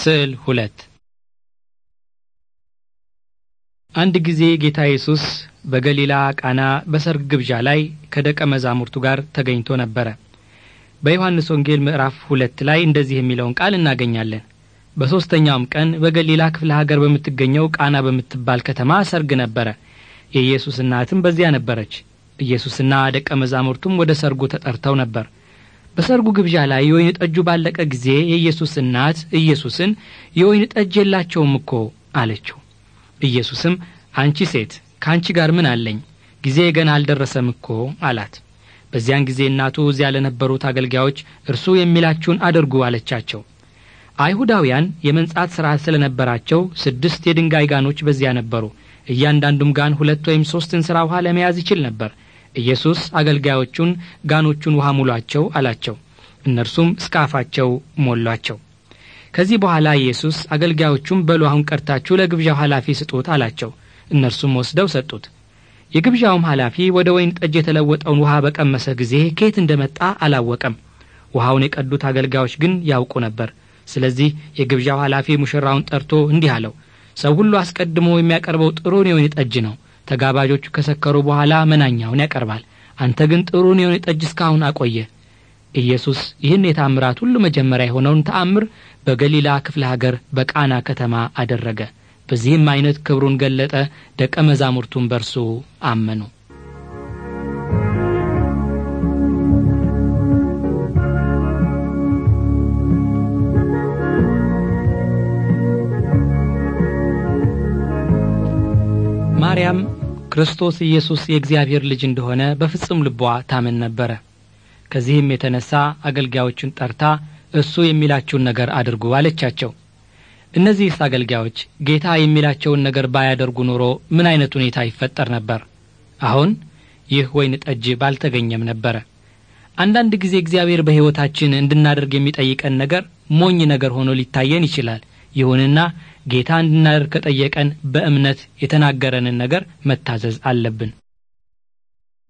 ስዕል ሁለት አንድ ጊዜ ጌታ ኢየሱስ በገሊላ ቃና በሰርግ ግብዣ ላይ ከደቀ መዛሙርቱ ጋር ተገኝቶ ነበረ። በዮሐንስ ወንጌል ምዕራፍ ሁለት ላይ እንደዚህ የሚለውን ቃል እናገኛለን። በሦስተኛውም ቀን በገሊላ ክፍለ ሀገር በምትገኘው ቃና በምትባል ከተማ ሰርግ ነበረ። የኢየሱስ እናትም በዚያ ነበረች። ኢየሱስና ደቀ መዛሙርቱም ወደ ሰርጉ ተጠርተው ነበር። በሰርጉ ግብዣ ላይ የወይን ጠጁ ባለቀ ጊዜ የኢየሱስ እናት ኢየሱስን የወይን ጠጅ የላቸውም እኮ አለችው። ኢየሱስም አንቺ ሴት ከአንቺ ጋር ምን አለኝ? ጊዜ ገና አልደረሰም እኮ አላት። በዚያን ጊዜ እናቱ እዚያ ለነበሩት አገልጋዮች እርሱ የሚላችሁን አድርጉ አለቻቸው። አይሁዳውያን የመንጻት ሥርዓት ስለ ነበራቸው ስድስት የድንጋይ ጋኖች በዚያ ነበሩ። እያንዳንዱም ጋን ሁለት ወይም ሦስት እንስራ ውኃ ለመያዝ ይችል ነበር። ኢየሱስ አገልጋዮቹን ጋኖቹን ውሃ ሙሏቸው አላቸው። እነርሱም እስከ አፋቸው ሞሏቸው። ከዚህ በኋላ ኢየሱስ አገልጋዮቹም በሉ አሁን ቀርታችሁ ለግብዣው ኃላፊ ስጡት አላቸው። እነርሱም ወስደው ሰጡት። የግብዣውም ኃላፊ ወደ ወይን ጠጅ የተለወጠውን ውሃ በቀመሰ ጊዜ ከየት እንደመጣ አላወቀም። ውሃውን የቀዱት አገልጋዮች ግን ያውቁ ነበር። ስለዚህ የግብዣው ኃላፊ ሙሽራውን ጠርቶ እንዲህ አለው፣ ሰው ሁሉ አስቀድሞ የሚያቀርበው ጥሩን የወይን ጠጅ ነው። ተጋባዦቹ ከሰከሩ በኋላ መናኛውን ያቀርባል። አንተ ግን ጥሩን የሆነ ጠጅ እስካሁን አቆየ። ኢየሱስ ይህን የታምራት ሁሉ መጀመሪያ የሆነውን ተአምር በገሊላ ክፍለ ሀገር በቃና ከተማ አደረገ። በዚህም አይነት ክብሩን ገለጠ። ደቀ መዛሙርቱን በርሱ አመኑ። ማርያም ክርስቶስ ኢየሱስ የእግዚአብሔር ልጅ እንደሆነ በፍጹም ልቧ ታምን ነበረ። ከዚህም የተነሳ አገልጋዮቹን ጠርታ እሱ የሚላችሁን ነገር አድርጉ አለቻቸው። እነዚህስ አገልጋዮች ጌታ የሚላቸውን ነገር ባያደርጉ ኖሮ ምን አይነት ሁኔታ ይፈጠር ነበር? አሁን ይህ ወይን ጠጅ ባልተገኘም ነበረ። አንዳንድ ጊዜ እግዚአብሔር በሕይወታችን እንድናደርግ የሚጠይቀን ነገር ሞኝ ነገር ሆኖ ሊታየን ይችላል። ይሁንና ጌታ እንድናደርግ ከጠየቀን በእምነት የተናገረንን ነገር መታዘዝ አለብን